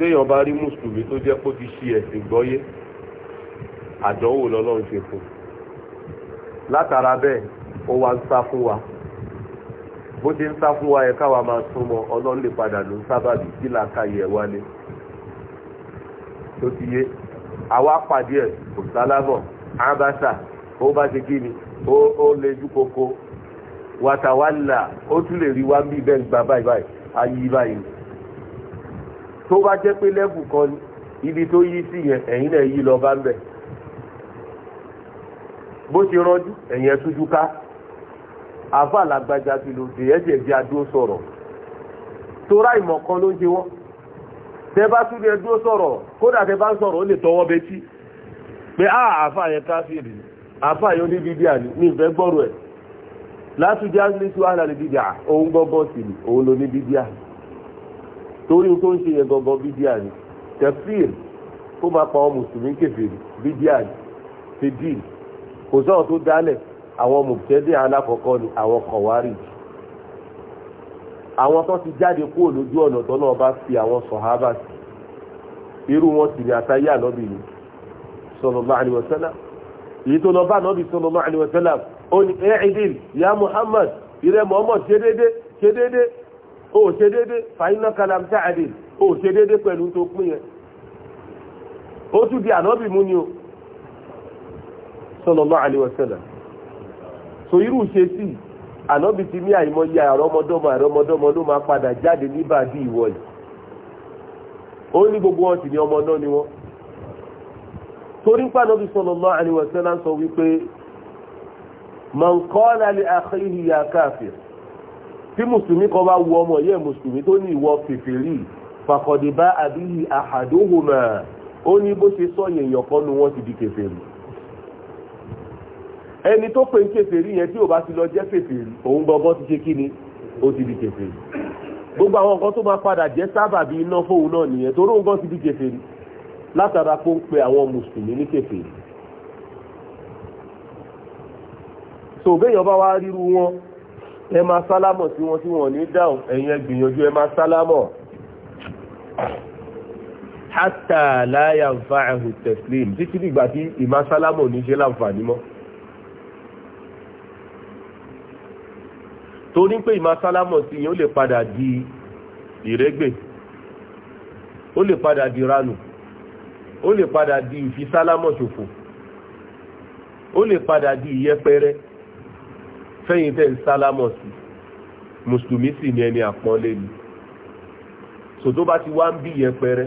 téèyàn bá rí mùsùlùmí tó jẹ́ kó ti ṣe ẹ̀sìn gbọ́yé àdánwò lọ́lọ́run ṣe fún látara bẹ́ẹ̀ ó wá ń sá fún wa bó ti ń sá fún wa yẹ káwa máa súnmọ́ ọlọ́run lè padà ló ń sábàbí kí làákàyè ẹ̀ wálé tó ti yé àwa pàdé ẹ̀ kò sálábọ̀ ábáṣà ó bá ṣe kí ni ó lejú koko wàtàwálà ó tún lè rí wá bí bẹ́ẹ̀ gbà báyìí báyìí ayé báyìí tó bá jẹ́ pé lẹ́bù kan ni ibi tó yí sí yẹn ẹ̀yin náà yí lọ bá ń bẹ̀ bó ṣe rọjú ẹ̀yin ẹ̀tújú ká àfa làgbàjà ti lò dé ẹ̀jẹ̀ bí adúró sọ̀rọ̀ torá ìmọ̀ kan ló ń ṣe wọ́n tẹ bá tún ní ẹdúró sọ̀rọ̀ kódà tẹ bá ń sọ̀rọ̀ ó lè tọwọ́ betí pé á àfa yẹn káfíìrì àfa yẹn onídìdí àní ní ìfẹ́ gbọ́rọ̀ ẹ̀ látúndí á ní tí wàhálà ní dídí à òun gbọ́gbọ́ torí tó ń ṣe yẹ gangan bídíà ni tefsir kó máa pa àwọn mùsùlùmí kèfèrí bídíà ni kò tó dálẹ̀ àwọn mùsùlùmí alákọ̀ọ́kọ́ ni àwọn kọ̀wárì àwọn tó ti jáde kúrò lójú ọ̀nà tó náà bá fi àwọn sọ̀hábà sí irú wọn sì ni àtàyé ànábì ni èyí Muhammad Muhammad ṣe o ṣe fayinaka fàyínà kalamta àdè o ṣe déédé pẹ̀lú tó pín yẹn ó tún di ànábì mú ni o sallallahu alaihi so irú ṣe sí ànábì ti ní àìmọye àrọmọdọ́mọ àrọmọdọ́mọ ló máa padà jáde níbàdí ìwọ yìí ó ní gbogbo wọn sì ní ọmọ náà ni wọn torí pa ànábì sọ wípé tí mùsùlùmí kan bá wu ọmọ yẹ mùsùlùmí tó ní ìwọ fèfèrí fàkọ̀débá àbíyí àhàdóhùnmá ó ní bó ṣe sọ yẹ̀yàn kan nu wọ́n ti di kèfèrí ẹni tó pè ń kèfèrí yẹn tí ò bá ti lọ jẹ́ kèfèrí òun gbọ́ngàn ti ṣe kí ni ó ti di kèfèrí gbogbo àwọn nǹkan tó máa padà jẹ́ sábàbí iná fóun náà nìyẹn torí òun gan ti di kèfèrí látara kó ń pe àwọn mùsùlùmí ní kèfèrí so béèyàn bá wá ríru wọn ẹ máa sálámọ̀ sí wọn tí wọ́n ní dáhùn ẹ̀yin ẹ gbìyànjú ẹ máa sálámọ̀ hátà láyà ń fa ẹ̀hùn tẹ̀slim títí dìgbà tí ìmá sálámọ̀ ní ṣe láǹfààní mọ́ torí pé ìmá sálámọ̀ sí yẹn ó lè padà di ìrégbè ó lè padà di ranù ó lè padà di ìfisálámọ̀ ṣòfò ó lè padà di ìyẹpẹrẹ fẹ́yìn tẹ́ ń sálámọ̀ sí mùsùlùmí sì ni ẹni àpọ́nlé ni so tó bá ti wá ń bí yẹpẹrẹ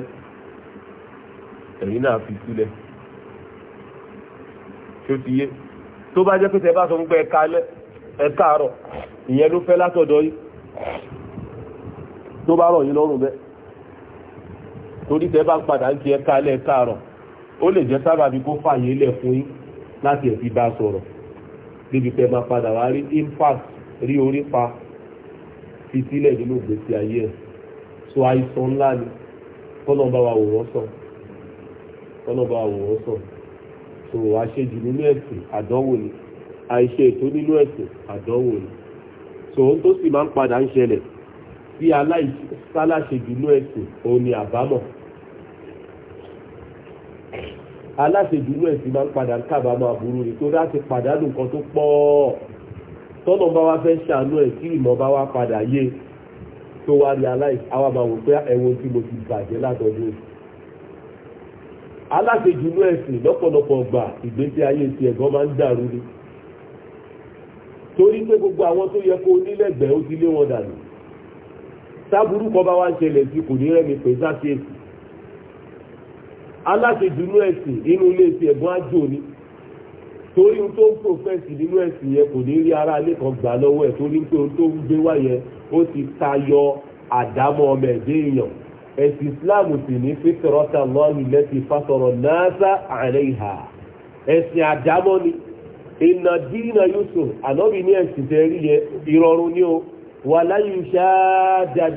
ẹ̀yin náà fi sílẹ̀ tí ó ti yé tó bá jẹ́ pé tẹ́ bá sọ ń pẹ́ ẹ̀ka alẹ́ ẹ̀ka àárọ̀ ìyẹn ló fẹ́ látọ̀dọ̀ yìí tó bá rọ̀ yín lọ́rùn bẹ́ẹ̀ torí tẹ́ bá padà ń ti ẹ̀ka alẹ́ ẹ̀ka àárọ̀ ó lè jẹ́ sábàbí kó fàyè lẹ̀ fún yín láti ẹ̀ fi bá sọ̀rọ̀ níbi tẹ́ máa padà wá rí infas rí orí pa fi sílẹ̀ nínú ìgbésí ayé ẹ̀ so àìsàn ńlá ni kọ́nà bá wa wòrán sàn kọ́nà bá wa wòrán sàn so àṣejù nínú ẹ̀sìn àdánwò ni àìṣe ètò nínú ẹ̀sìn àdánwò ni so ohun tó sì máa ń padà ń ṣẹlẹ̀ sí aláṣejù nínú ẹ̀sìn òun ni àbámọ̀ aláṣejùlú ẹ̀sìn máa ń padà kábàámọ̀ aburú ni tó láti pàdánù nǹkan tó pọ̀ tọ́nà bá wá fẹ́ ṣàánú ẹ̀ tí ìmọ̀ bá wá padà yé tó wá rí aláìsí àwa máa wò pé ẹ̀wọ̀n tí mo ti bàjẹ́ látọ̀dún aláṣejùlú ẹ̀sìn lọ́pọ̀lọpọ̀ gbà ìgbésí ayé ti ẹ̀gbọ́n máa ń dàrú ni torí pé gbogbo àwọn tó yẹ kó nílẹ̀gbẹ̀ẹ́ ó ti lé wọn dànù táburú kan bá wá ń ṣẹlẹ̀ sí kò ní rẹ́mi pé sáṣẹ́sì aláṣejùnú ẹ̀sìn inú ilé ti ẹ̀bùn ajo ni torí ohun tó ń profẹ́sì nínú ẹ̀sìn yẹn kò ní ara ilé kan gbà lọ́wọ́ ẹ̀ torí pé ohun tó ń gbé wá yẹn ó ti tayọ àdámọ́ ọmọ ẹ̀dẹ́ èèyàn ẹ̀sìn Islam sì ní fífẹ́rọ́tà lọ́ọ̀lù lẹ́sìn fásọ̀rọ̀ náàsà àárẹ̀ ìhà ẹ̀sìn àdámọ́ ni Yusuf ànábì ní ẹ̀sìn tẹ́ rí ìrọ̀rùn ni ó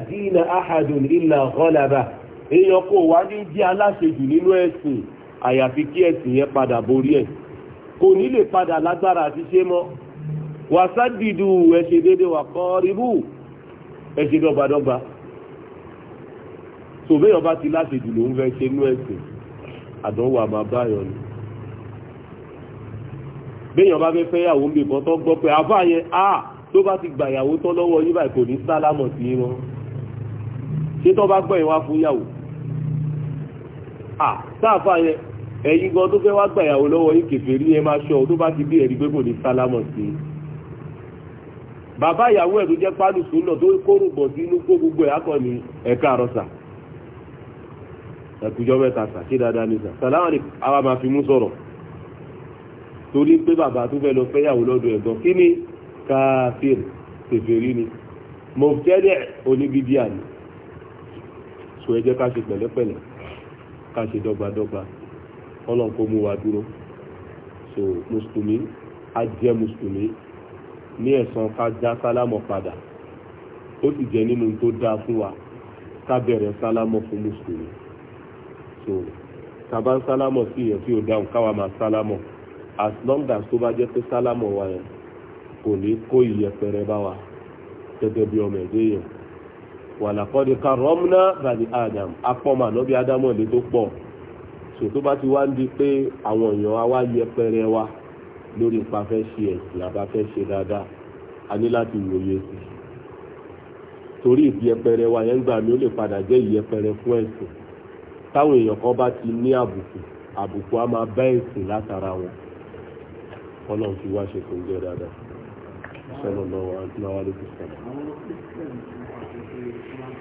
dínà áhàdùn ìlà èèyàn kò wá ní jẹ́ aláṣejù nínú ẹ̀sìn àyàfi kí ẹ̀sìn yẹn padà borí ẹ̀ kò ní lè padà lágbára àti ṣe mọ́ wàsádìdù ẹ̀ṣẹ̀ déédéé wà kọ́ ribú ẹ̀ṣẹ̀ dọ́gbadọ́gba tòbẹ́yàn bá ti láṣejù ló ń fẹ́ ṣe nínú ẹ̀sìn àdánwò àmàbáyọ̀ ni béèyàn bá fẹ́ fẹ́ yàwó ń bèbọn tó gbọ́ pé àbá yẹn a tó bá ti gbà yàwó tán lọ́wọ́ yín báyìí kò ní sálámọ̀ sí wọn ṣé tó bá gbọ́ yẹn fún yàwó sáàfà yẹn ẹ̀yin gan tó fẹ́ wá gbà ìyàwó lọ́wọ́ yín kèfèrí ẹ máa ṣọ́ tó bá ti bí ẹ̀rí pé kò ní sálámọ̀ sí i bàbá ìyàwó ẹ̀ tó jẹ́ pálù sùnà tó kóró bọ̀ sínú kó gbogbo ẹ̀ akọ ní ẹ̀ka àrọ́sà ẹ̀kújọ́ mẹ́ta sà ṣé dáadáa ní sà sàlámà ni àwa máa fi mú sọ̀rọ̀ torí pé bàbá tó fẹ́ lọ fẹ́ ìyàwó lọ́dọ̀ ẹ̀ gan kí ni káfíìn tèfèrí ni mọ̀tẹ́lẹ̀ oníbíbíà ni sọ ká ṣe dọ́gbadọ́gba ọlọ́run kó mú wa dúró so mùsùlùmí á jẹ́ mùsùlùmí ní ẹ̀san ká dá sálámọ̀ padà ó sì jẹ́ nínú tó dáa fún wa ká bẹ̀rẹ̀ sálámọ̀ fún mùsùlùmí so tàbá ń sálámọ̀ sí èèyàn tí ò dáhùn káwa máa sálámọ̀ as long as tó bá jẹ́ pé sálámọ̀ wa yẹn kò ní kó ìyẹpẹrẹ bá wa gẹ́gẹ́ bí ọmọ ẹ̀dẹ́ yẹn wàlàkọ́dé karọ́mùnà bani adam apọ́mọ ànábì ádámọ̀ ní tó pọ̀ so tó bá ti wá ń di pé àwọn èèyàn wa wá yẹpẹrẹ wa lórí ipa fẹ́ ṣe ẹ̀sìn àbá fẹ́ ṣe dáadáa a ní láti wòye sí torí ìyẹpẹrẹ wa yẹn gbà mí ó lè padà jẹ́ ìyẹpẹrẹ fún ẹ̀sìn táwọn èèyàn kan bá ti ní àbùkù àbùkù á máa bá ẹ̀sìn látara wọn ọlọ́run ti wá ṣe kò ń jẹ́ dáadáa sọ́nà náà wà lókè sọ́nà. 最後。